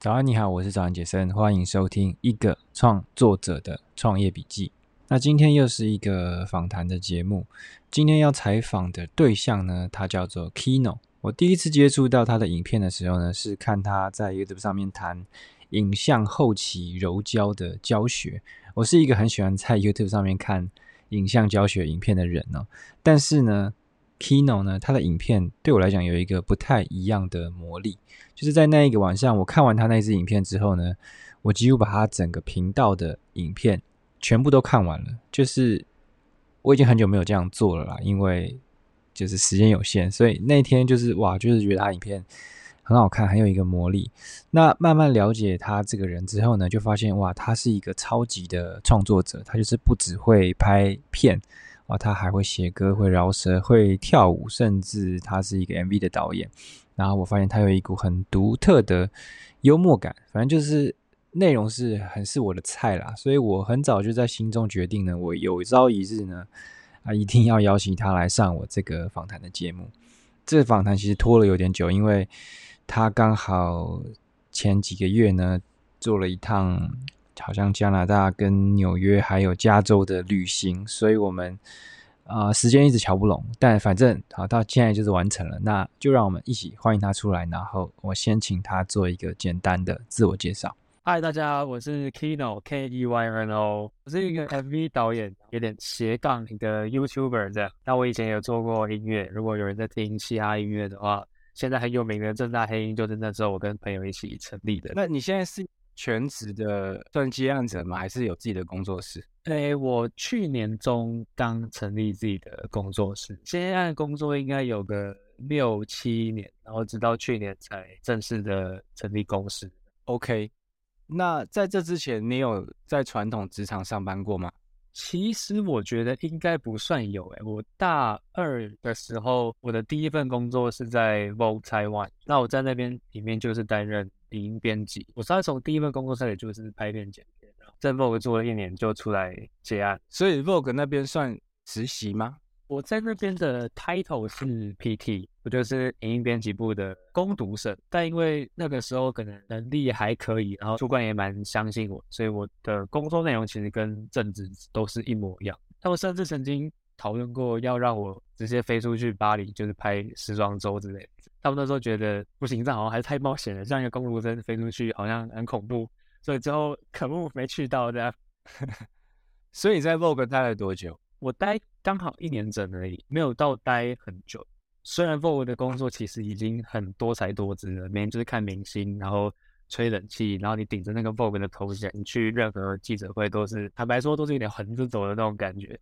早安，你好，我是早安傑森，歡迎收聽一個創作者的創業筆記。那今天又是一個訪談的節目，今天要採訪的對象呢，他叫做 KEYNO。我第一次接觸到他的影片的時候呢，是看他在 YouTube 上面談影像後期柔焦的教學。我是一個很喜歡在 YouTube 上面看影像教學影片的人哦，但是呢。Keyno 呢，他的影片對我來講有一個不太一樣的魔力，就是在那一個晚上，我看完他那支影片之後呢，我幾乎把他整個頻道的影片全部都看完了。就是我已經很久沒有這樣做了啦，因為就是時間有限，所以那天就是哇，就是覺得他影片很好看，很有一個魔力。那慢慢了解他這個人之後呢，就發現哇，他是一個超級的創作者，他就是不只會拍片。後他還會寫歌，會饒舌，會跳舞，甚至他是一個 MV 的導演。然後我發現他有一股很獨特的幽默感，反正就是內容是很是我的菜啦。所以我很早就在心中決定呢，我有朝一日呢啊一定要邀請他來上我這個訪談的節目。這訪談其實拖了有點久，因為他剛好前幾個月呢做了一趟，好像加拿大、跟紐約還有加州的旅行，所以我們啊、呃、時間一直喬不攏，但反正好到現在就是完成了，那就讓我們一起歡迎他出來。然後我先請他做一個簡單的自我介紹。嗨，大家好，我是 Keyno, K E Y N O，我是一個 MV 導演，有點斜槓的 YouTuber 這樣。那我以前有做過音樂，如果有人在聽嘻哈音樂的話，現在很有名的政大黑音就是那時候我跟朋友一起成立的。那你現在是？全職的算接案者嗎？還是有自己的工作室？誒、欸，我去年中剛成立自己的工作室，接案工作應該有個六七年，然後直到去年才正式的成立公司。OK，那在這之前，你有在傳統職場上班過嗎？其實我覺得應該不算有、欸。誒。我大二的時候，我的第一份工作是在 Vogue Taiwan，那我在那邊裡面就是擔任。影音編輯，我上次從第一份工作開始就是拍片、剪片，在 Vogue 做了一年就出來結案。所以 Vogue 那邊算實習嗎？我在那邊的 title 是 PT，我就是影音編輯部的工讀生。但因為那個時候可能能力還可以，然後主管也蠻相信我，所以我的工作內容其實跟正職都是一模一樣。他們甚至曾經討論過要讓我直接飛出去巴黎，就是拍時裝周之類。他們那時候覺得不行，這樣好像還是太冒險了，像一個公路針飛出去，好像很恐怖。所以之後可能我沒去到這樣。 所以在 Vogue 待了多久？我待剛好一年整而已，沒有到待很久。雖然 Vogue 的工作其實已經很多才多姿了，每天就是看明星，然後吹冷氣，然後你頂着那個 Vogue 的頭銜，你去任何記者會都是坦白說都是有點橫着走的那種感覺。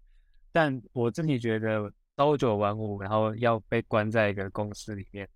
但我自己覺得。朝九晚五，然後要被關在一個公司裡面，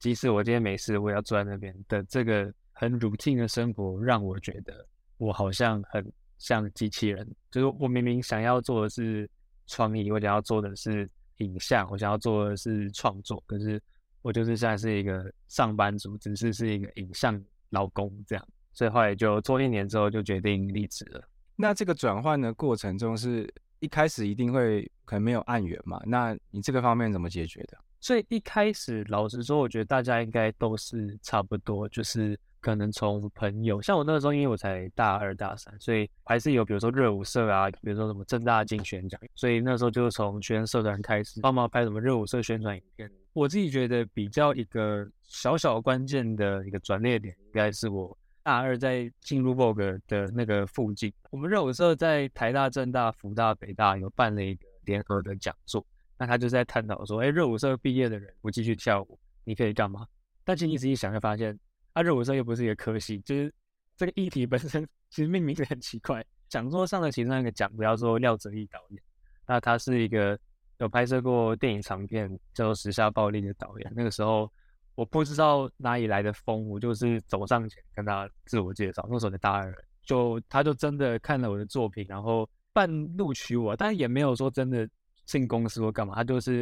即使我今天沒事，我也要坐在那邊。的這個很 routine 的生活，讓我覺得我好像很像機器人。就是我明明想要做的是創意，我想要做的是影像，我想要做的是創作，可是我就是現在是一個上班族，只是是一個影像勞工這樣。所以後來就做一年之後，就決定離職了。那這個轉換的過程中，是一開始一定會？可能沒有案源嘛？那你這個方面怎麼解決的？所以一開始，老實說，我覺得大家應該都是差不多，就是可能從朋友，像我那個時候，因為我才大二大三，所以還是有，比如說熱舞社啊，比如說什麼政大金旋獎，所以那時候就是從學生社團開始幫忙拍什麼熱舞社宣傳影片。我自己覺得比較一個小小關鍵的一個轉捩點，應該是我大二在進入 Vogue 的那個附近，我們熱舞社在台大、政大、輔大、北大有辦了一個。聯合的講座，那他就在探討說：哎、欸，熱舞社畢業的人不繼續跳舞，你可以幹嘛？但其實你仔細想，就發現，啊，熱舞社又不是一個科系，就是這個議題本身其實命名的很奇怪。講座上的其中一個講者叫做廖哲毅導演，那他是一個有拍攝過電影長片叫做《時下暴力》的導演。那個時候，我不知道哪裡來的風，我就是走上前跟他自我介紹，那時候才大二人就，就他就真的看了我的作品，然後，半錄取我，但也沒有說真的進公司或幹嘛，他就是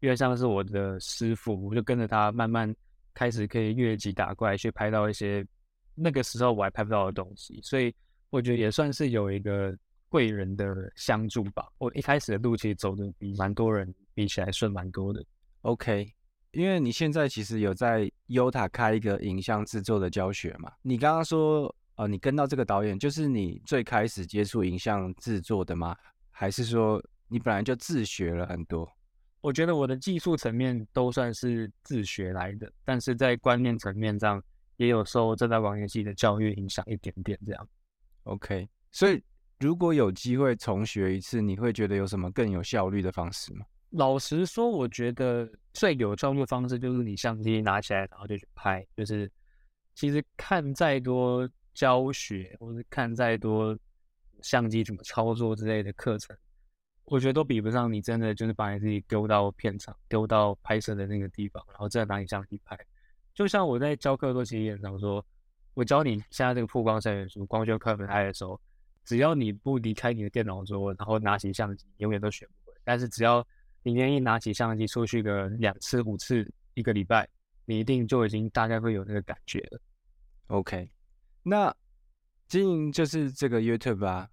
有點像是我的師傅，我就跟着他慢慢開始可以越級打怪，去拍到一些那個時候我還拍不到的東西，所以我覺得也算是有一個貴人的相助吧。我一開始的路其實走的比蠻多人比起來順蠻多，多的。OK，因為你現在其實有在 Yotta 開一個影像制作的教學嘛，你剛剛說。哦，你跟到這個導演，就是你最開始接觸影像制作的嗎？還是說你本來就自學了很多？我覺得我的技術層面都算是自學來的，但是在觀念層面上也有受政大網頁系的教育影響一點點這樣。OK，所以如果有機會重學一次，你會覺得有什麼更有效率的方式嗎？老實說，我覺得最有效率的方式就是你相機拿起來，然後就去拍。就是其實看再多。教學，或是看再多相機怎麼操作之類的課程，我覺得都比不上你真的就是把你自己丟到片場，丟到拍攝的那個地方，然後再拿你相機拍。就像我在教課的時候，其實也常說，我教你現在這個曝光三元素、光圈、快門、拍的時候，只要你不離開你的電腦桌，然後拿起相機，永遠都學不會。但是只要你願意拿起相機出去個兩次、五次、一個禮拜，你一定就已經大概會有那個感覺了。OK。那經營就是這個 YouTube 啊，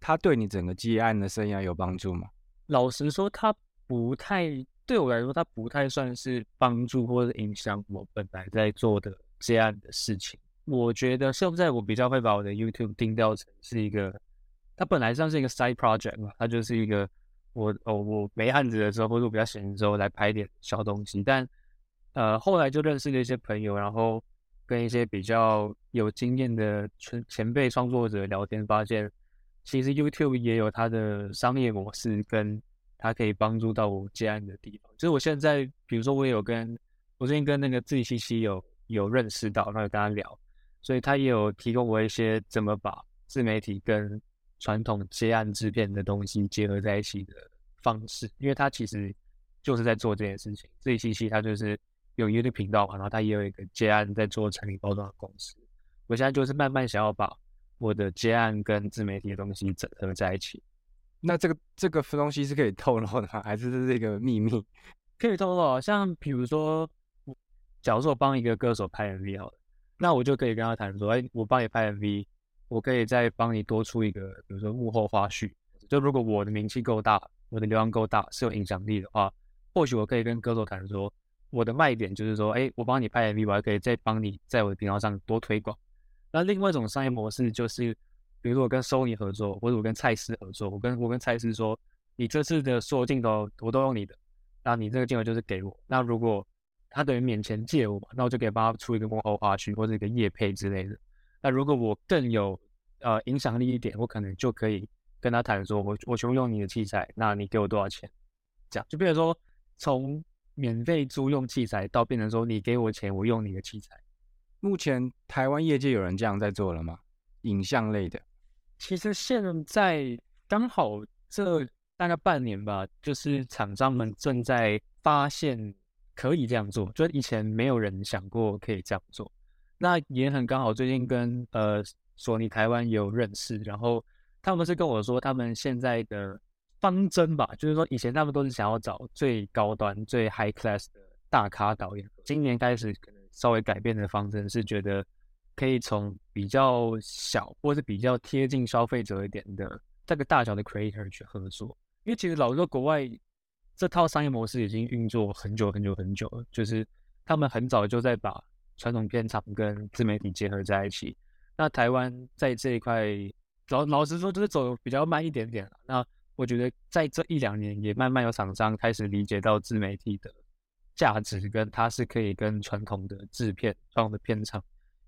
它對你整個接案的生涯有幫助嗎？老實說，它不太對我來說，它不太算是幫助或者影響我本來在做的這樣的事情。我覺得現在我比較會把我的 YouTube 定調成是一個，它本來像是一個 side project 嘛，它就是一個我哦我沒案子的時候或者我比較閒的時候來拍點小東西。但呃後來就認識了一些朋友，然後。跟一些比較有經驗的前前輩創作者聊天，發現其實 YouTube 也有它的商業模式，跟它可以幫助到我接案的地方。就是我現在，比如說我也有跟我最近跟那個志祺77有有認識到，然後有跟他聊，所以他也有提供我一些怎麼把自媒體跟傳統接案製片的東西結合在一起的方式，因為他其實就是在做這件事情。志祺77他就是。用 YouTube 頻道嘛、啊，然後他也有一個接案在做產品包裝的公司。我現在就是慢慢想要把我的接案跟自媒體的東西整合在一起。那這個這個東西是可以透露的，還是這是一個秘密？可以透露。像比如說，假如說我幫一個歌手拍 MV 好了，那我就可以跟他談說：哎、欸，我幫你拍 MV，我可以再幫你多出一個，比如說幕後花絮。就如果我的名氣夠大，我的流量夠大，是有影響力的話，或許我可以跟歌手談說。我的賣點就是說，哎、欸，我幫你拍 MV，我還可以再幫你在我的頻道上多推廣。那另外一種商業模式就是，比如說我跟 Sony 合作，或者我跟蔡司合作，我跟我跟蔡司說，你這次的所有鏡頭我都用你的，那你這個鏡頭就是給我。那如果他等於免錢借我，那我就可以幫他出一個幕後花絮，或者一個業配之類的。那如果我更有呃影響力一點，我可能就可以跟他談說，我我全部用你的器材，那你給我多少錢？這樣就比如說從。從免費租用器材，到變成說，你給我錢，我用你的器材。目前台灣業界有人這樣在做了嗎？影像類的，其實現在剛好這大概半年吧，就是廠商們正在發現可以這樣做，就以前沒有人想過可以這樣做。那也很剛好最近跟呃索尼台灣也有認識，然後他們是跟我說他們現在的。方針吧，就是說以前他們都是想要找最高端、最 high class 的大咖導演。今年開始，可能稍微改變的方針是覺得可以從比較小，或是比較貼近消費者一點的這個大小的 creator 去合作。因為其實老實說，國外這套商業模式已經運作很久很久很久了，就是他們很早就在把傳統片場跟自媒體結合在一起。那台灣在這一塊，老老實說，就是走比較慢一點點了。那我覺得在這一兩年也慢慢有廠商開始理解到自媒體的價值，跟它是可以跟傳統的制片、傳統的片場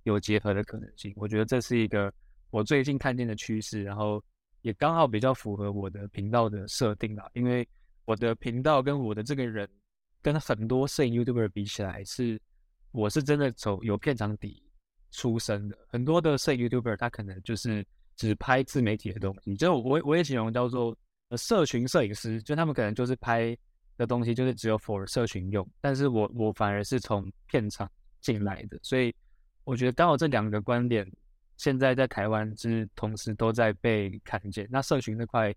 有結合的可能性。我覺得這是一個我最近看見的趨勢，然後也剛好比較符合我的頻道的設定啦。因為我的頻道跟我的這個人，跟很多攝影 YouTuber 比起來，是我是真的走有片場底出身的。很多的攝影 YouTuber 他可能就是只拍自媒體的東西，就我我也形容叫做。呃，社群攝影師，就他們可能就是拍的東西就是只有 for 社群用，但是我我反而是從片場進來的，所以我覺得剛好這兩個觀點現在在台灣是同時都在被看見。那社群這塊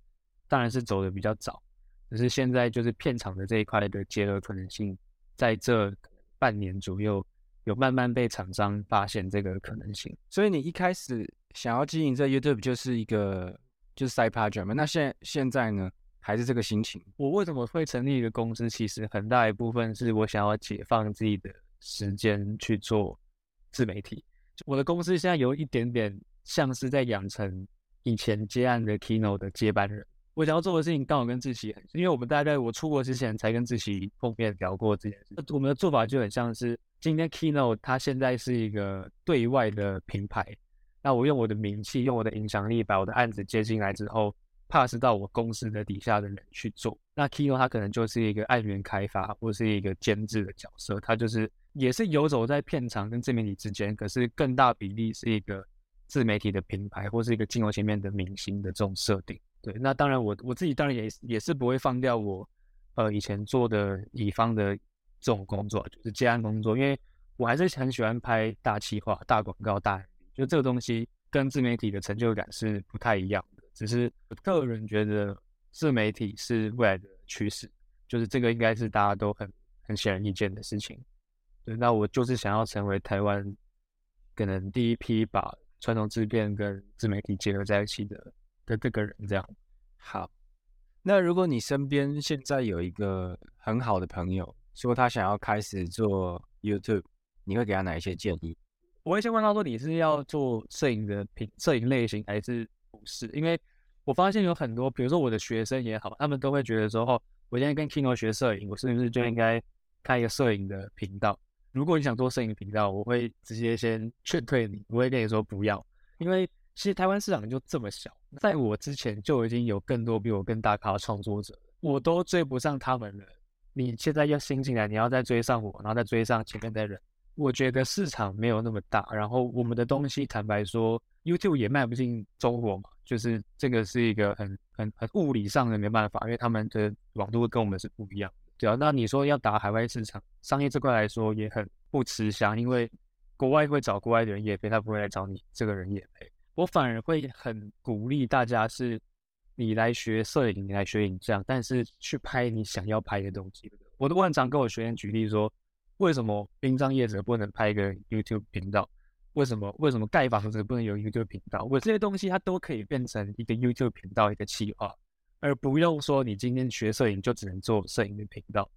當然是走的比較早，可是現在就是片場的這一塊的結合可能性在這半年左右有，有慢慢被廠商發現這個可能性，所以你一開始想要經營這 YouTube 就是一個。就是 side project 嘛，那現現在呢，還是這個心情。我為什麼會成立一個公司？其實很大一部分是我想要解放自己的時間去做自媒體。我的公司現在有一點點像是在養成以前接案的 Keyno 的接班人。我想要做的事情剛好跟志祺，因為我們大概我出國之前才跟志祺碰面聊過這件事。我們的做法就很像是今天 Keyno，它現在是一個對外的品牌。那我用我的名氣，用我的影響力把我的案子接進來之後，pass 到我公司的底下的人去做。那 KEYNO 它可能就是一個案源開發，或是一個監製的角色，它就是也是游走在片場跟自媒體之間，可是更大比例是一個自媒體的品牌，或是一個鏡頭前面的明星的這種設定。對，那當然我我自己當然也也是不會放掉我，呃，以前做的乙方的這種工作，就是接案工作，因為我還是很喜歡拍大企劃、大廣告、大。就這個東西跟自媒體的成就感是不太一樣的，只是我個人覺得自媒體是未來的趨勢，就是這個應該是大家都很很顯而易見的事情。對，那我就是想要成為台灣可能第一批把傳統製片跟自媒體結合在一起的，的這個人這樣。好，那如果你身邊現在有一個很好的朋友，說他想要開始做 YouTube，你會給他哪一些建議？我會先問他說：“你是要做攝影的頻，攝影類型還是不是？”因為我發現有很多，比如說我的學生也好，他們都會覺得說：“哦，我現在跟 Keyno 學攝影，我是不是就應該開一個攝影的頻道？”如果你想做攝影頻道，我會直接先勸退你，我會跟你說不要，因為其實台灣市場就這麼小，在我之前就已經有更多比我更大咖的創作者，我都追不上他們了。你現在要新進來，你要再追上我，然後再追上前面的人。我覺得市場沒有那麼大，然後我們的東西，坦白說，YouTube 也賣不進中國嘛，就是這個是一個很很很物理上的沒辦法，因為他們的網絡跟我們是不一樣。對啊，那你說要打海外市場，商業這塊來說也很不吃香，因為國外會找國外的人也配，他不會來找你這個人也配。我反而會很鼓勵大家是，你來學攝影，你來學影像，但是去拍你想要拍的東西。我都經常跟我學員舉例說。為什麼殯葬業者不能拍一個 YouTube 頻道？為什麼為什麼蓋房子不能有 YouTube 頻道？我這些東西它都可以變成一個 YouTube 頻道一個企劃，而不用說你今天學攝影就只能做攝影的頻道。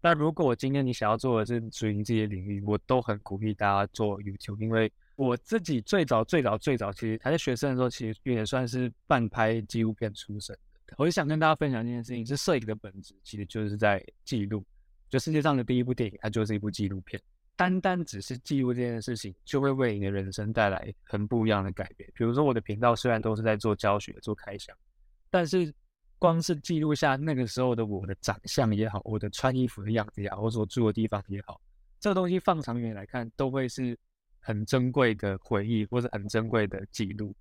那如果我今天你想要做的是屬於這些領域，我都很鼓勵大家做 YouTube，因為我自己最早最早最早，其實還在學生的時候，其實也算是半拍紀錄片出身。我也想跟大家分享一件事情，是攝影的本質其實就是在記錄。就世界上的第一部電影，它就是一部紀錄片。單單只是記錄這件事情，就會為你的人生帶來很不一樣的改變。比如說，我的頻道雖然都是在做教學、做開箱，但是光是記錄下那個時候的我的長相也好，我的穿衣服的樣子也好，或者我住的地方也好，這個東西放長遠來看，都會是很珍貴的回憶或是很珍貴的記錄。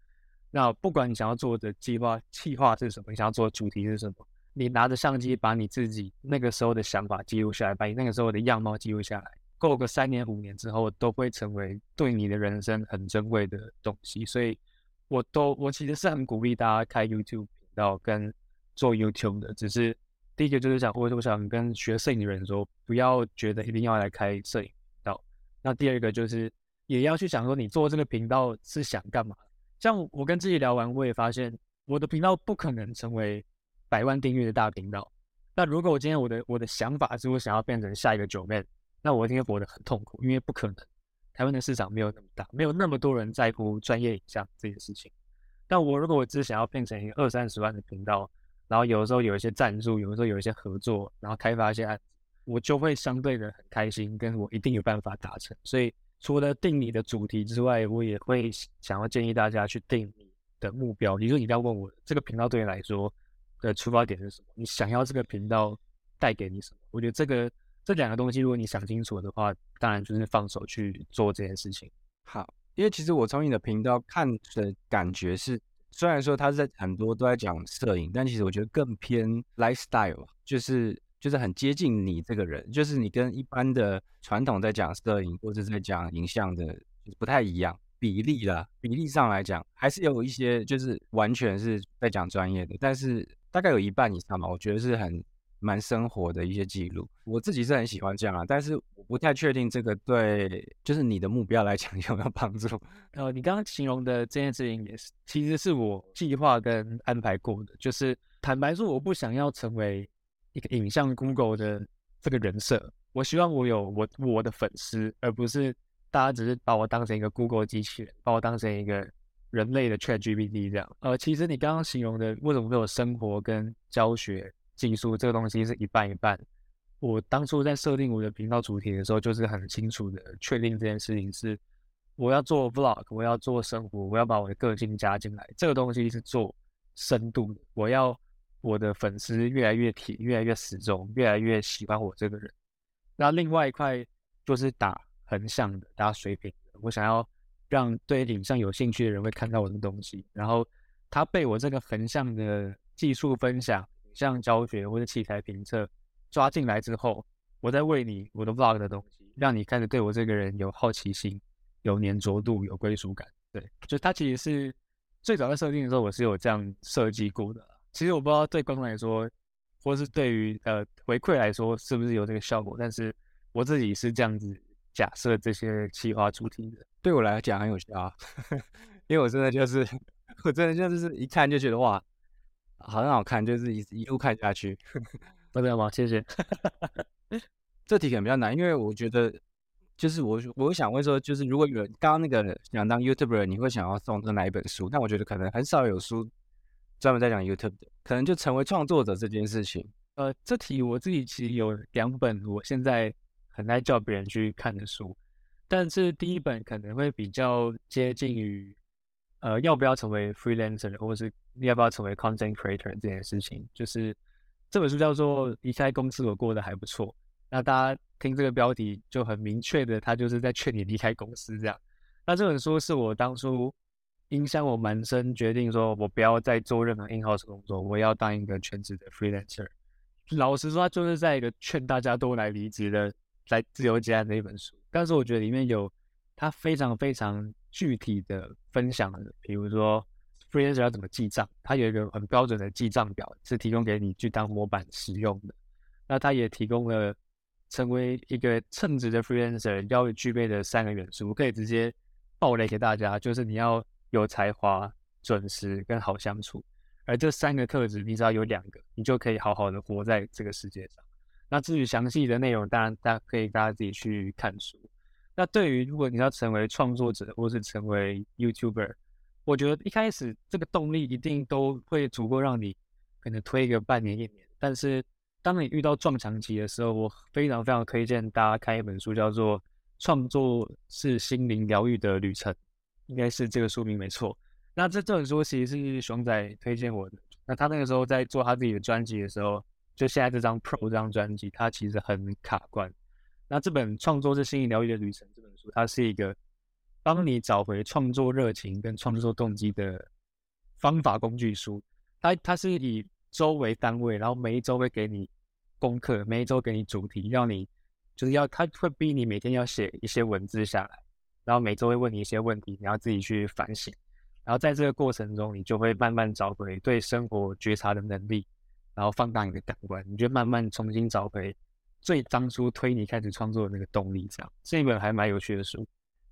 那不管你想要做的計劃、計劃是什麼，你想要做的主題是什麼。你拿着相機把你自己那個時候的想法記錄下來，把你那個時候的樣貌記錄下來，過個三年五年之後，都會成為對你的人生很珍貴的東西。所以，我都我其實是很鼓勵大家開 YouTube 頻道跟做 YouTube 的。只是第一個就是想，或者說想跟學攝影的人說，不要覺得一定要來開攝影頻道。那第二個就是，也要去想說，你做這個頻道是想幹嘛？像我跟自己聊完，我也發現我的頻道不可能成為。百萬訂閱的大頻道，那如果我今天我的我的想法是我想要變成下一個 Joeman，那我一定會活得很痛苦，因為不可能。台灣的市場沒有那麼大，沒有那麼多人在乎專業影像這件事情。但我如果我只想要變成一個二三十萬的頻道，然後有的時候有一些贊助，有的時候有一些合作，然後開發一些案子，我就會相對的很開心，跟我一定有辦法達成。所以除了定你的主題之外，我也會想要建議大家去定你的目標，說你就你一定要問我這個頻道對你來說。的出發點是什麼？你想要這個頻道帶給你什麼？我覺得這個這兩個東西，如果你想清楚的話，當然就是放手去做這件事情。好，因為其實我從你的頻道看的感覺是，雖然說它在很多都在講攝影，但其實我覺得更偏 lifestyle，就是就是很接近你這個人，就是你跟一般的傳統在講攝影或者在講影像的，就是不太一樣，比例啦，比例上來講，還是有一些就是完全是在講專業的，但是。大概有一半以上吧，我覺得是很蠻生活的一些記錄。我自己是很喜歡這樣啊，但是我不太確定這個對，就是你的目標來講有沒有幫助。呃、哦，你剛剛形容的這件事情也是，其實是我計劃跟安排過的。就是坦白說，我不想要成為一個影像 Google 的這個人設，我希望我有我我的粉絲，而不是大家只是把我當成一個 Google 機器人，把我當成一個。人類的 ChatGPT 這樣，呃，其實你剛剛形容的為什麼會有生活跟教學技術這個東西是一半一半？我當初在設定我的頻道主題的時候，就是很清楚的確定這件事情是我要做 vlog，我要做生活，我要把我的個性加進來，這個東西是做深度的，我要我的粉絲越來越鐵，越來越死忠，越來越喜歡我這個人。那另外一塊就是打橫向的，打水平的，我想要。讓對影像有興趣的人會看到我的東西，然後他被我這個橫向的技術分享、像教學或者器材評測抓進來之後，我在餵你我的 Vlog 的東西，讓你開始對我這個人有好奇心、有粘着度、有歸屬感。對，就他其實是最早在設定的時候，我是有這樣設計過的。其實我不知道對觀眾來說，或是對於呃回饋來說，是不是有這個效果，但是我自己是這樣子。假設這些企劃主題的，對我來講很有效，啊， 因為我真的就是，我真的就是一看就覺得哇，很好看，就是一一路看下去。好的嗎？謝謝。這題可能比較難，因為我覺得就是我，我想問說，就是如果有剛剛那個想當 YouTuber，你會想要送這哪一本書？但我覺得可能很少有書專門在講 YouTube 的，可能就成為創作者這件事情。呃，這題我自己其實有兩本，我現在。很愛叫別人去看的書，但是第一本可能會比較接近於，呃，要不要成為 freelancer 或是你要不要成為 content creator 這件事情，就是這本書叫做《離開公司我過得還不錯》。那大家聽這個標題就很明確的，他就是在勸你離開公司這樣。那這本書是我當初影響我蠻深，決定說我不要再做任何 in house 工作，我要當一個全職的 freelancer。老實說，他就是在一個勸大家都來離職的。在自由接案的一本書，但是我覺得裡面有他非常非常具體的分享的，比如說 freelancer 要怎麼記賬，他有一個很標準的記賬表是提供給你去當模板使用的。那他也提供了成為一個稱職的 freelancer 要具備的三個元素，我可以直接爆雷給大家，就是你要有才華、準時跟好相處，而這三個特質，你只要有兩個，你就可以好好的活在這個世界上。那至於詳細的內容，當然大家可以大家自己去看書。那對於如果你要成為創作者或是成為 YouTuber，我覺得一開始這個動力一定都會足夠讓你可能推一個半年一年。但是當你遇到撞牆期的時候，我非常非常推薦大家看一本書，叫做《創作是心靈療癒的旅程》，應該是這個書名沒錯。那這這本書其實是熊仔推薦我的。那他那個時候在做他自己的專輯的時候。就現在這張 Pro 這張專輯，它其實很卡關。那這本《創作是心靈療癒的旅程》這本書，它是一個幫你找回創作熱情跟創作動機的方法工具書。它它是以周為單位，然後每一周會給你功課，每一周給你主題，讓你就是要它會逼你每天要寫一些文字下來，然後每周會問你一些問題，你要自己去反省。然後在這個過程中，你就會慢慢找回對生活覺察的能力。然後放大你的感官，你就慢慢重新找回最當初推你開始創作的那個動力。這樣，是一本還蠻有趣的書。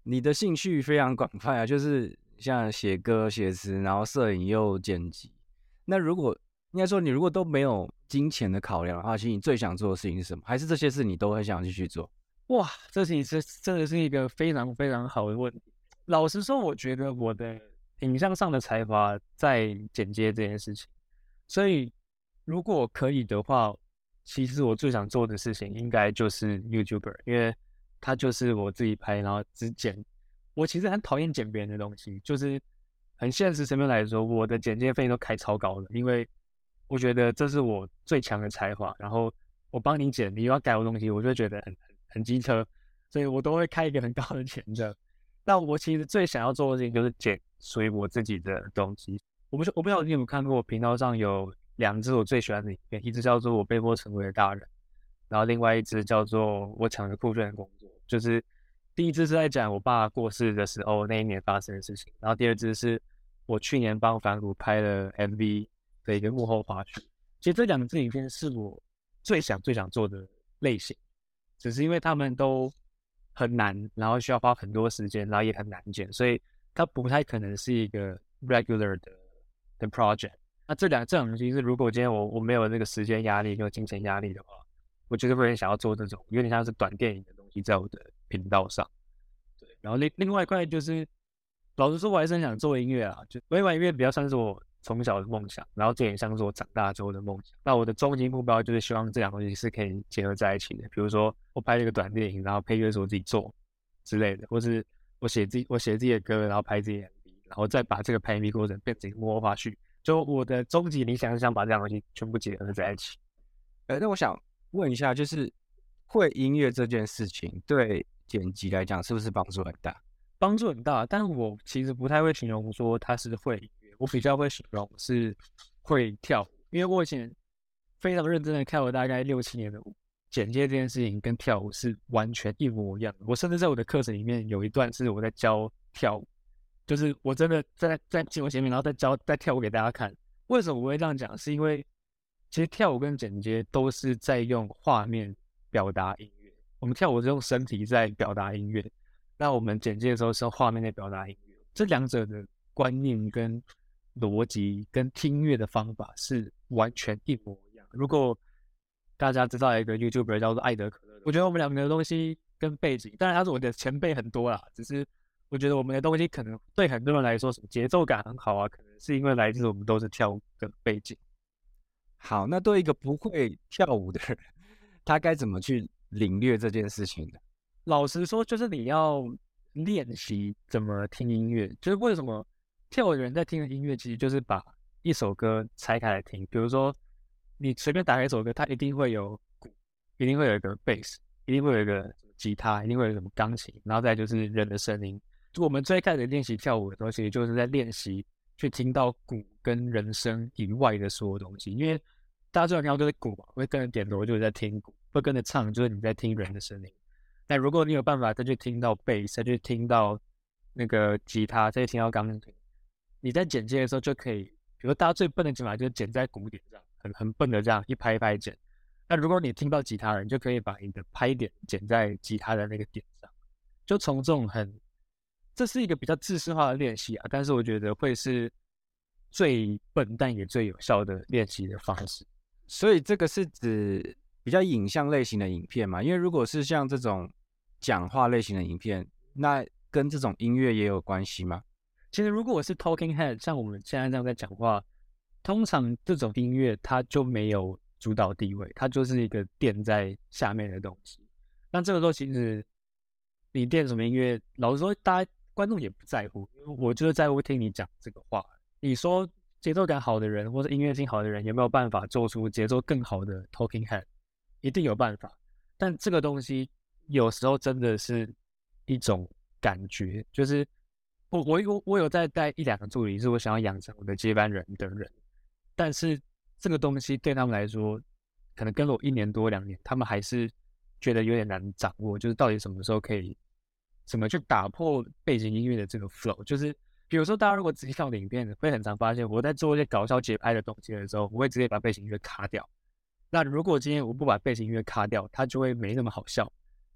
你的興趣非常廣泛啊，就是像寫歌、寫詞，然後攝影又剪輯。那如果應該說，你如果都沒有金錢的考量的話，其實你最想做的事情是什麼？還是這些事你都很想繼續做？哇，這其實真的是一個非常非常好的問題。老實說，我覺得我的影像上的才華在剪接這件事情，所以。如果可以的話，其實我最想做的事情應該就是 YouTuber，因為它就是我自己拍，然後只剪。我其實很討厭剪別人的東西，就是很現實層面來說，我的剪輯費都開超高了，因為我覺得這是我最強的才華。然後我幫你剪，你又要改我東西，我就覺得很很機車，所以我都會開一個很高的錢的。那我其實最想要做的事情就是剪屬於我自己的東西。我不我不知道你有沒有看過，我頻道上有。兩支我最喜歡的影片，一支叫做《我被迫成為了大人》，然後另外一支叫做《我搶着酷炫的工作》。就是第一支是在講我爸過世的時候那一年發生的事情，然後第二支是我去年幫反骨拍了 MV 的一個幕後花絮。其實這兩支影片是我最想、最想做的類型，只是因為他們都很難，然後需要花很多時間，然後也很難剪，所以它不太可能是一個 regular 的的 project。那、啊，這兩這兩東西是，如果今天我我沒有那個時間壓力跟精神壓力的話，我絕對會想要做這種有點像是短電影的東西在我的頻道上。對，然後另另外一塊就是，老實說，我還是很想做音樂啊，就因為玩音樂比較算是我從小的夢想，然後這也像是我長大之後的夢想。那我的終極目標就是希望這兩個東西是可以結合在一起的，比如說我拍一個短電影，然後配樂是我自己做之類的，或是我寫自己我寫自己的歌，然後拍自己的 MV，然後再把這個拍 MV 過程變成魔法劇。就我的終極理想是想把這些東西全部結合在一起。呃，那我想問一下，就是會音樂這件事情對剪輯來講是不是幫助很大？幫助很大，但我其實不太會形容說它是會音樂，我比較會形容是會跳舞，因為我以前非常認真的跳了大概六七年的舞。剪接這件事情，跟跳舞是完全一模一樣的。我甚至在我的課程裡面有一段是我在教跳舞。就是我真的在在鏡頭前面，然後再教再跳舞給大家看。為什麼我會這樣講？是因為其實跳舞跟剪接都是在用畫面表達音樂。我們跳舞是用身體在表達音樂，那我們剪輯的時候是用畫面在表達音樂。這兩者的觀念跟邏輯跟聽音樂的方法是完全一模一樣。如果大家知道一個 YouTuber 叫做愛德可樂，我覺得我們兩個的東西跟背景，當然他是我的前輩很多啦，只是。我覺得我們的東西可能對很多人來說節奏感很好啊，可能是因為來自我們都是跳舞的背景。好，那對一個不會跳舞的人，他該怎麼去領略這件事情呢？老實說，就是你要練習怎麼聽音樂。就是為什麼跳舞的人在聽的音樂，其實就是把一首歌拆開來聽。比如說，你隨便打開一首歌，它一定會有鼓，一定會有一個貝斯，一定會有一個吉他，一定會有什麼鋼琴，然後再就是人的聲音。我們最開始練習跳舞的東西，就是在練習去聽到鼓跟人聲以外的所有東西。因為大家最常聽到就是鼓嘛，會跟着點頭就是在聽鼓，會跟着唱就是你在聽人的聲音。但如果你有辦法再去聽到貝斯，再去聽到那個吉他，再去聽到鋼琴，你在剪接的時候就可以，比如說大家最笨的剪法就是剪在鼓點上，很很笨的這樣一拍一拍剪。那如果你聽到吉他人，就可以把你的拍點剪在吉他的那個點上，就從這種很。這是一個比較制式化的練習啊，但是我覺得會是最笨但也最有效的練習的方式。所以這個是指比較影像類型的影片嘛？因為如果是像這種講話類型的影片，那跟這種音樂也有關係嘛？其實如果我是 talking head，像我們現在這樣在講話，通常這種音樂它就沒有主導地位，它就是一個墊在下面的東西。那這個時候其實你墊什麼音樂？老實說，大家。觀眾也不在乎，我就是在乎聽你講這個話。你說節奏感好的人，或者音樂性好的人，有沒有辦法做出節奏更好的 talking head？一定有辦法。但這個東西有時候真的是，一種感覺。就是我我我我有在帶一兩個助理，是我想要養成我的接班人的人。但是這個東西對他們來說，可能跟了我一年多兩年，他們還是覺得有點難掌握。就是到底什麼時候可以？怎麼去打破背景音樂的這個 flow？就是比如說，大家如果直接看我的影片，會很常發現，我在做一些搞笑節拍的東西的時候，我會直接把背景音樂卡掉。那如果今天我不把背景音樂卡掉，它就會沒那麼好笑。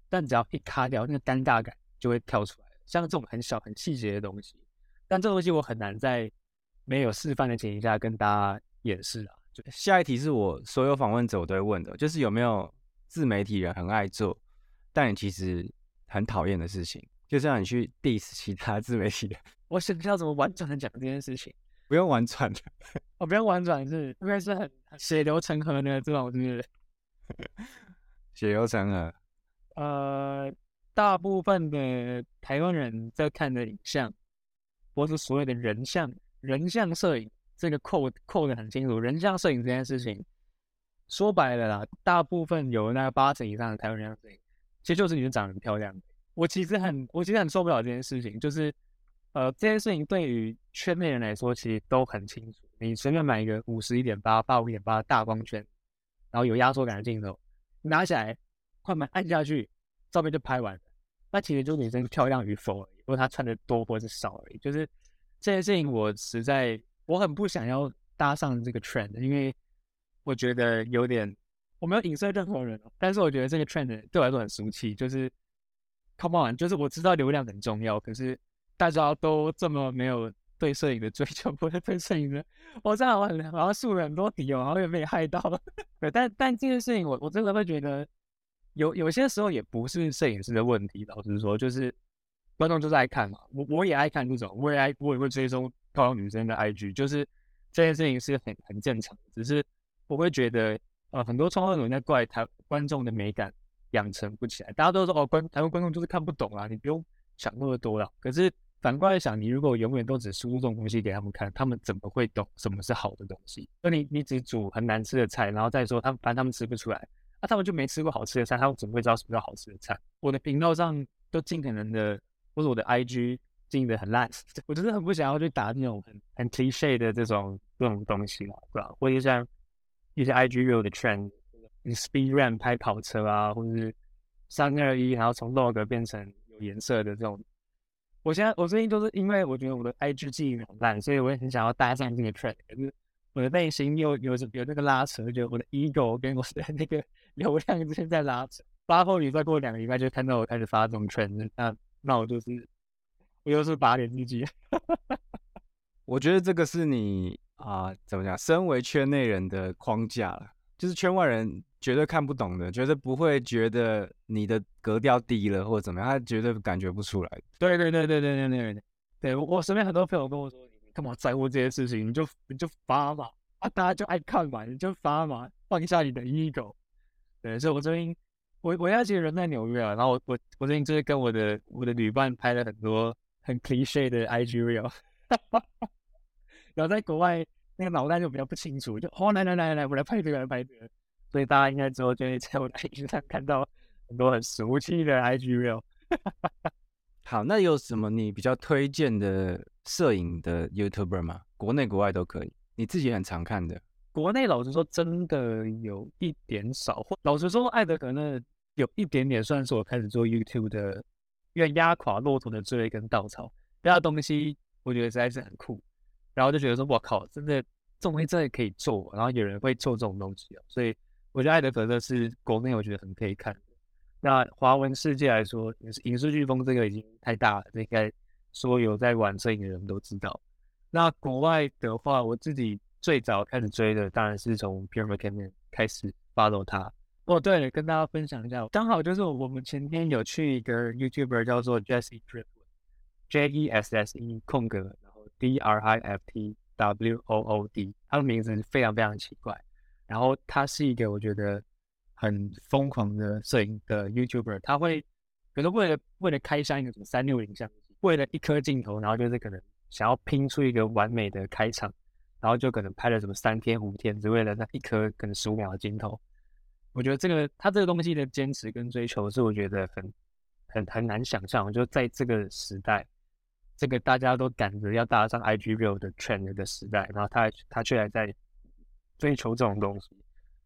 但只要一卡掉，那個尷尬感就會跳出來。像這種很小很細節的東西，但這個東西我很難在沒有示範的前提下跟大家演示啊。就下一題是我所有訪問者我都會問的，就是有沒有自媒體人很愛做，但你其實。很討厭的事情，就是讓你去 diss 其他自媒體的。我想知道怎麼婉轉的講這件事情。不用婉轉的，哦，不用婉轉是因為是很，很血流成河的這種，是不是？血流成河。呃，大部分的台灣人在看的影像，不是所謂的人像，人像攝影，這個扣扣的很清楚，人像攝影這件事情，說白了啦，大部分有那個八成以上的台灣人像攝影。其實就是女生長得很漂亮的。我其實很，我其實很受不了這件事情，就是，呃，這件事情對於圈內人來說其實都很清楚。你隨便買一個五十一點八、八五點八的大光圈，然後有壓縮感的鏡頭，拿起來快門按下去，照片就拍完了。那其實就是女生是漂亮與否而已，或者她穿的多或者少而已。就是這件事情，我實在我很不想要搭上這個 trend，因為我覺得有點。我沒有影射任何人哦，但是我覺得這個 trend 對我來說很俗氣，就是 come on，就是我知道流量很重要，可是大家都這麼沒有對攝影的追求，不是對攝影的，我這樣我很，我好像樹了很多敵，然後也被害到了。 對，但但這件事情，我我真的會覺得有，有有些時候也不是攝影師的問題。老實說，就是觀眾就是愛看嘛，我我也愛看這種，我也愛，我也會追蹤漂亮女生的 IG，就是這件事情是很很正常，只是我會覺得。呃，很多創作人在怪台觀眾的美感養成不起來，大家都說哦，台觀台灣觀眾就是看不懂啊，你不用想那麼多啦、啊。可是反過來想，你如果永遠都只輸入這種東西給他們看，他們怎麼會懂什麼是好的東西？而你，你只煮很難吃的菜，然後再說他們，反正他們吃不出來，那、啊、他們就沒吃過好吃的菜，他們怎麼會知道什麼叫好吃的菜？我的頻道上都盡可能的，或者我的 IG 經營的很爛，我真的很不想要去打那種很很 cliché 的這種，這種這種東西啦、啊，對吧、啊？或者像。一些 IG 有的 trend，你 speed run 拍跑車啊，或者是三二一，然後從 log 變成有顏色的這種。我現在我最近就是因為我覺得我的 IG 技術很爛，所以我也很想要搭上這個 trend。可是我的內心又有着有，有那個拉扯，就我的 ego 跟我的那個流量之間在拉扯。然後你再過兩個禮拜就看到我開始發這種 trend，那，那我就是我又是打臉自己。 我覺得這個是你。啊，怎麼講？身為圈內人的框架了，就是圈外人絕對看不懂的，絕對不會覺得你的格調低了或者怎麼樣，他絕對感覺不出來。對對對對對對對對，對，對，我身邊很多朋友跟我說，你幹嘛在乎這些事情？你就你就發嘛，啊，大家就愛看嘛，你就發嘛，放下你的 ego。對，所以我這邊，我最近我我現在人在紐約啊，然後我我我最近就是跟我的我的女伴拍了很多很 cliche 的 IG reel。 然後在國外，那個腦袋就比較不清楚，就哦，來來來來我來拍這個，來拍這個，所以大家應該之後就會在我 IG 上看到很多很熟悉的 IG Reel 好，那有什麼你比較推薦的攝影的 YouTuber 嗎？國內國外都可以，你自己很常看的。國內老實說真的有一點少，老實說艾德格呢，艾德可能有一點點算是我開始做 YouTube 的，因為壓垮駱駝的最後一根稻草。那東西我覺得實在是很酷。然後就覺得說，我靠，真的，這種東西真的可以做、啊，然後有人會做這種東西、啊、所以我覺得《愛德可樂》是國內我覺得很可以看的。那華文世界來說，影視颶風這個已經太大了，這應該說有在玩攝影的人都知道。那國外的話，我自己最早開始追的當然是從 Peter McKinnon 開始 follow 他。哦，對了，跟大家分享一下，剛好就是我們前天有去一個 YouTuber 叫做 Jesse Drift，J E S S E 空格。D R I F T W O O D，他的名字非常非常奇怪。然後他是一個我覺得很瘋狂的攝影的 YouTuber，他會可能為了為了開箱一個什麼三六零相機，為了一顆鏡頭，然後就是可能想要拼出一個完美的開場，然後就可能拍了什麼三天五天，只為了那一顆可能十五秒的鏡頭。我覺得這個他這個東西的堅持跟追求是我覺得很很很難想象，就在這個時代。這個大家都趕着要搭上 IG Reel 的 trend 的時代，然後他他卻還在追求這種東西。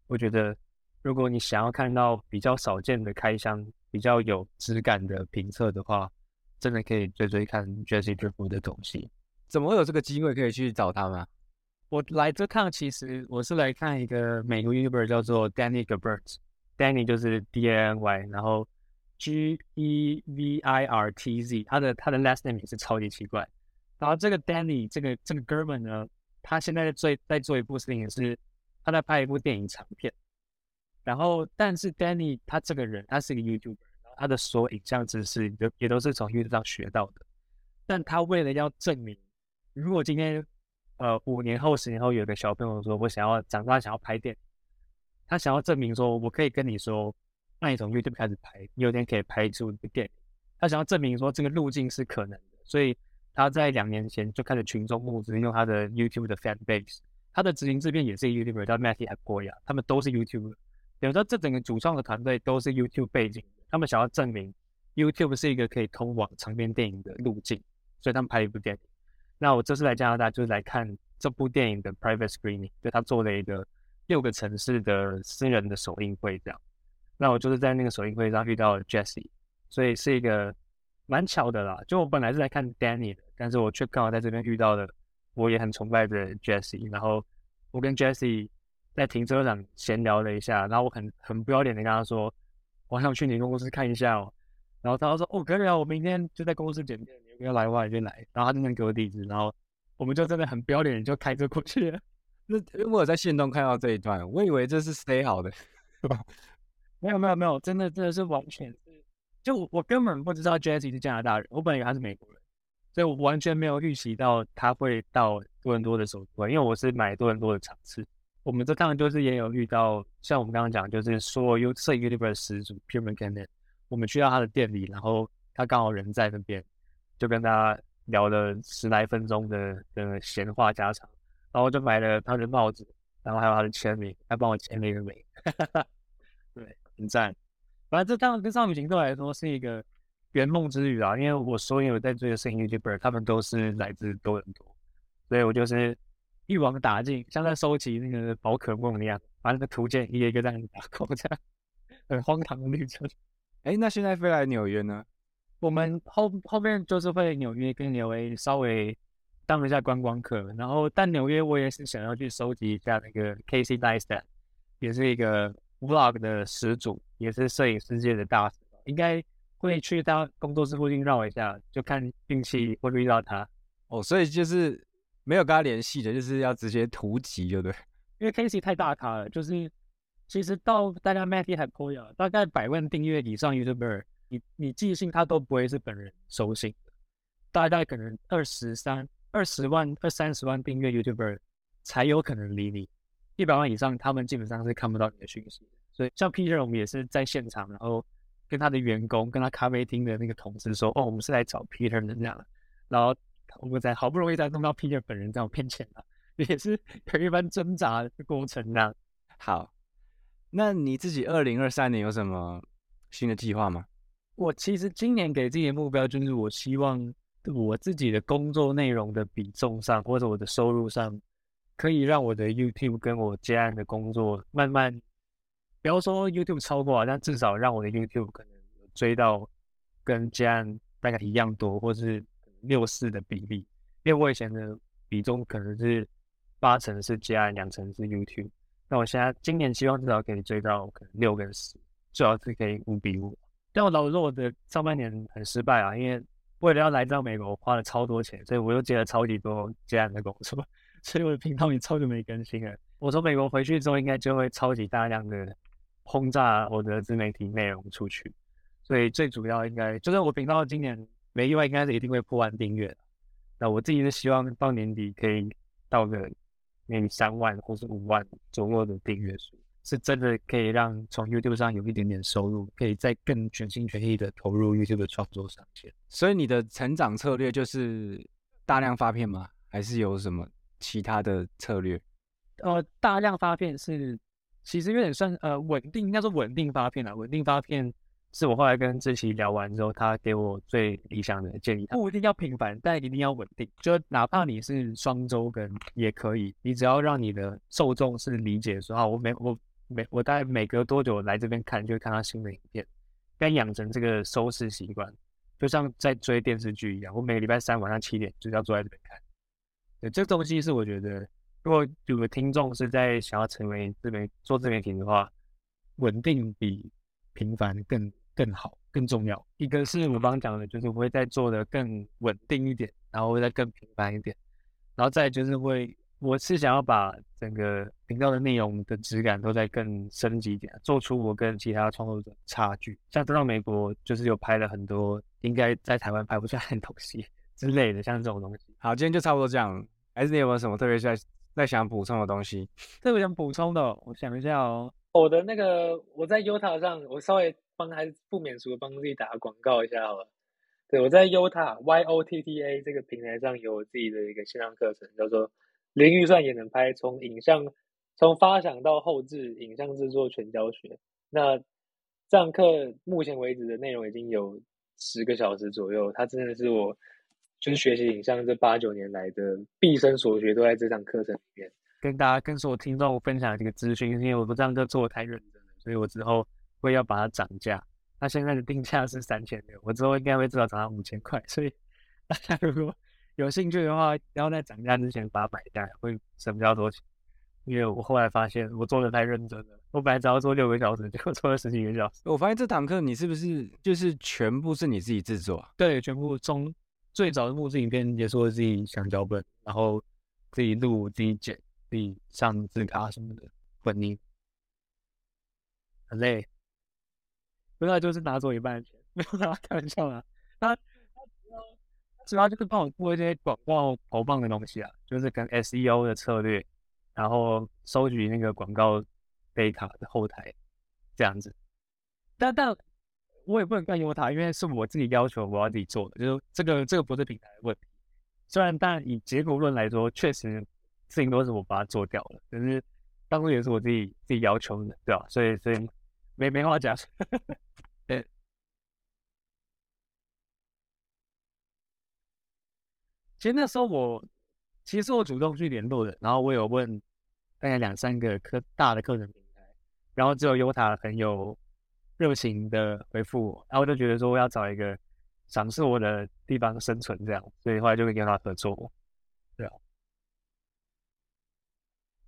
我覺得，如果你想要看到比較少見的開箱、比較有質感的評測的話，真的可以追追看 Jesse Driftwood 的東西。怎麼會有這個機會可以去找他呢？我來這看，其實我是來看一個美國 YouTuber 叫做 g Danny Gevirtz Danny 就是 D-I-N-Y，然後。G E V I R T Z，他的他的 last name 也是超級奇怪。然後這個 Danny 這個這個哥們呢，他現在在做在做一部事情，是他在拍一部電影長片。然後，但是 Danny 他這個人，他是一個 YouTuber，他的所有影像知識也也都是從 YouTube 上學到的。但他為了要證明，如果今天呃五年後、十年後有個小朋友說，我想要長大，想要拍電影，他想要證明說，我可以跟你說。那從 YouTube 開始拍，有一天可以拍出一部電影。他想要證明說這個路徑是可能的，所以他在兩年前就開始群眾募資，用他的 YouTube 的 fan base。他的執行製片也是一個 YouTuber，叫 Matthew 和郭雅，他們都是 YouTube。等於說，這整個主創的團隊都是 YouTube 背景。他們想要證明 YouTube 是一個可以通往長片電影的路徑，所以他們拍了一部電影。那我這次來加拿大就是來看這部電影的 private screening，就他做了一個六個城市的私人的首映會這樣。那我就是在那個首映會上遇到了 Jesse，所以是一個蠻巧的啦。就我本來是來看 Danny 的，但是我卻剛好在這邊遇到了我也很崇拜的 Jesse。然後我跟 Jesse 在停車場閒聊了一下，然後我很很不要臉的跟他說，我想去你公司看一下哦、喔。然後他說，哦可以啊，我明天就在公司見面，你要來的話你就來。然後他就能給我地址，然後我們就真的很不要臉就開車過去了。 那因為我在現場看到這一段，我以為這是 stay 好的，對吧？沒有沒有沒有，真的真的是完全是，就我，我根本不知道 Jessie 是加拿大人，我本來以為她是美國人，所以我完全沒有預習到他會到多倫多的首都，因為我是買多倫多的場次。我們這趟就是也有遇到，像我們剛剛講，就是說有攝影 equipment 的始祖，Pyramid。我們去到他的店裡，然後他剛好人在那邊，就跟他聊了十來分鐘的的閒話家常，然後就買了他的帽子，然後還有他的簽名，他幫我簽了一個名。 對。很讚，反正這當然跟少女行動來說是一個圓夢之旅啊！因為我所有在追的 YouTuber，他們都是來自多倫多，所以我就是一網打盡，像在收集那個寶可夢一樣，把那個圖鑑一個一個這樣子打，這樣很荒唐的旅程。哎，那現在飛來紐約呢？我們後後面就是會紐約跟紐約稍微當一下觀光客，然後但紐約我也是想要去收集一下那個 Casey Neistat 也是一個。Vlog 的始祖，也是攝影世界的大師，應該會去他工作室附近繞一下，就看運氣會遇到他。哦，所以就是沒有跟他聯繫的，就是要直接突擊就對？因為 Casey 太大咖了，就是其實到大家 Matty h e 還 po 呀，大概百萬訂閱以上 YouTuber，你你寄信他都不會是本人收信。大概可能二十三二十萬二三十萬訂閱 YouTuber 才有可能理你。一百萬以上，他們基本上是看不到你的訊息，所以像 Peter，我們也是在現場，然後跟他的員工，跟他咖啡廳的那個同事說：“哦，我們是來找 Peter 的這樣。”然後我們好不容易才弄到 Peter 本人這樣騙錢了，也是有一番掙扎的過程吶。好，那你自己二零二三年有什麼新的計劃嗎？我其實今年給自己的目標就是，我希望我自己的工作內容的比重上，或者我的收入上。可以讓我的 YouTube 跟我接案的工作慢慢，不要說 YouTube 超過啊，但至少讓我的 YouTube 可能追到跟接案大概一樣多，或是六四的比例。因為我以前的比重可能是八成是接案，兩成是 YouTube。那我現在今年希望至少可以追到可能六跟四，最好是可以五比五。但我老實說，我的上半年很失敗啊，因為為了要來到美國，我花了超多錢，所以我又接了超級多接案的工作。所以我的頻道也超久沒更新了。我從美國回去之後，應該就會超級大量的轟炸我的自媒體內容出去。所以最主要應該就算我頻道今年沒意外，應該是一定會破萬訂閱。那我自己是希望到年底可以到個每年三萬或是五萬左右的訂閱數，是真的可以讓從 YouTube 上有一點點收入，可以再更全心全意的投入 YouTube 的創作上線。所以你的成長策略就是大量發片嗎？還是有什麼？其他的策略，呃，大量發片是其實有點算呃穩定，應該說穩定發片啦。穩定發片是我後來跟志祺聊完之後，他給我最理想的建議他，不一定要頻繁，但一定要穩定。就哪怕你是雙週更也可以，你只要讓你的受眾是理解說，啊，我每我每我大概每隔多久來這邊看，就會看到新的影片，跟養成這個收視習慣，就像在追電視劇一樣，我每個禮拜三晚上七點就是要坐在這邊看。對，這東西是我覺得，如果有個聽眾是在想要成為自媒體做自媒體的話，穩定比頻繁更更好、更重要。一個是我剛剛講的，就是我會再做的更穩定一點，然後會再更頻繁一點，然後再就是會，我是想要把整個頻道的內容的質感都再更升級一點，做出我跟其他創作者差距。像到美國就是有拍了很多應該在台灣拍不出來的東西。之類的，像這種東西。好，今天就差不多這樣。還是你有沒有什麼特別在在想補充的東西？特別想補充的，我想一下哦、喔。我的那個，我在 Yota 上，我稍微幫還是不免俗地幫自己打個廣告一下好了。對，我在 Yota Y O T T A 這個平台上有我自己的一個線上課程，叫做《零預算也能拍》，從影像從發想到後置影像制作全教學。那這堂課目前為止的內容已經有十個小時左右，它真的是我。就是學習影像這八九年來的畢生所學都在這場課程裡面跟大家、跟所有聽眾分享這個資訊，因為我這堂課做的太認真了，所以我之後會要把它漲價。它現在的定價是三千六，我之後應該會至少漲到五千塊。所以大家如果有興趣的話，要在漲價之前把它買下來，會省比較多錢。因為我後來發現我做的太認真了，我本來只要做六個小時，結果做了十幾個小時。我發現這堂課你是不是就是全部是你自己制作、啊？對，全部中。最早的募資影片也說是自己想腳本，然後自己錄、自己剪、自己上字卡什麼的，本很累。主、啊、要就是拿走一半錢，沒有啦，開玩笑啦。他他主要就是幫我做一些廣告投放的東西啊，就是跟 SEO 的策略，然後收取那個廣告貝卡的後台這樣子。但但。我也不能怪優塔，因為是我自己要求我要自己做的，就是這個這個不是平台的問題。雖然但以結果論來說，確實事情都是我把它做掉了，但是當初也是我自己自己要求的，對吧、啊？所以所以，沒沒話講。呃， 其實那時候我其實我主動去聯絡的，然後我有問大概兩三個科大的課程平台，然後只有優塔很有，熱情的回復我，然、啊、後我就覺得說，我要找一個賞識我的地方生存，這樣，所以後來就會跟他合作。對、啊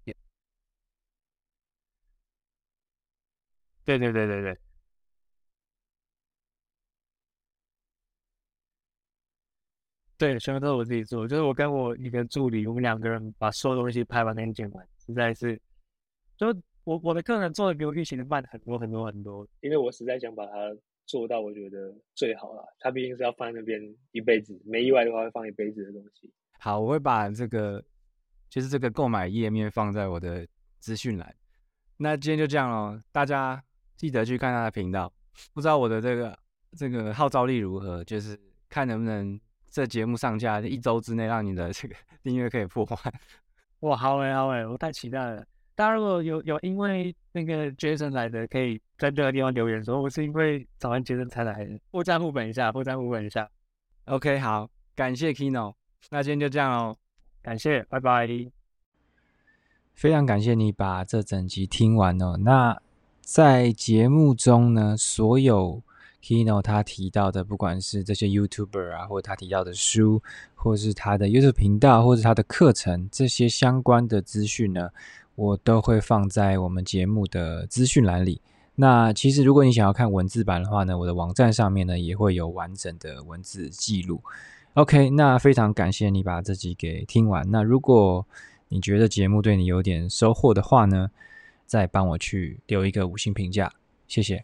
yeah. 對對對對對，對，全部都是我自己做，就是我跟我一個助理，我們兩個人把所有東西拍完跟剪完，實在是就。我我的課程做的比我預期的慢很多很多很多，因為我實在想把它做到我覺得最好了。它畢竟是要放在那邊一輩子，沒意外的話會放一輩子的東西。好，我會把這個就是這個購買頁面放在我的資訊欄。那今天就這樣咯，大家記得去看他的頻道。不知道我的這個這個號召力如何，就是看能不能這節目上架一周之內讓你的這個訂閱可以破萬。哇，好哎、欸、好哎、欸，我太期待了。大家如果有有因為那個 Jason 來的，可以在這個地方留言說我是因為早安 Jason 才來的，或者互粉一下，或者互粉一下。OK，好，感謝 Keyno，那今天就這樣哦，感謝，拜拜。非常感謝你把這整集聽完哦。那在節目中呢，所有 Keyno 他提到的，不管是這些 YouTuber 啊，或者他提到的書，或是他的 YouTube 頻道，或者是他的課程，這些相關的資訊呢，我都會放在我們節目的資訊欄裡。那其實，如果你想要看文字版的話呢，我的網站上面呢也會有完整的文字記錄。OK，那非常感謝你把這集給聽完。那如果你覺得節目對你有點收穫的話呢，再幫我去留一個五星評價，謝謝。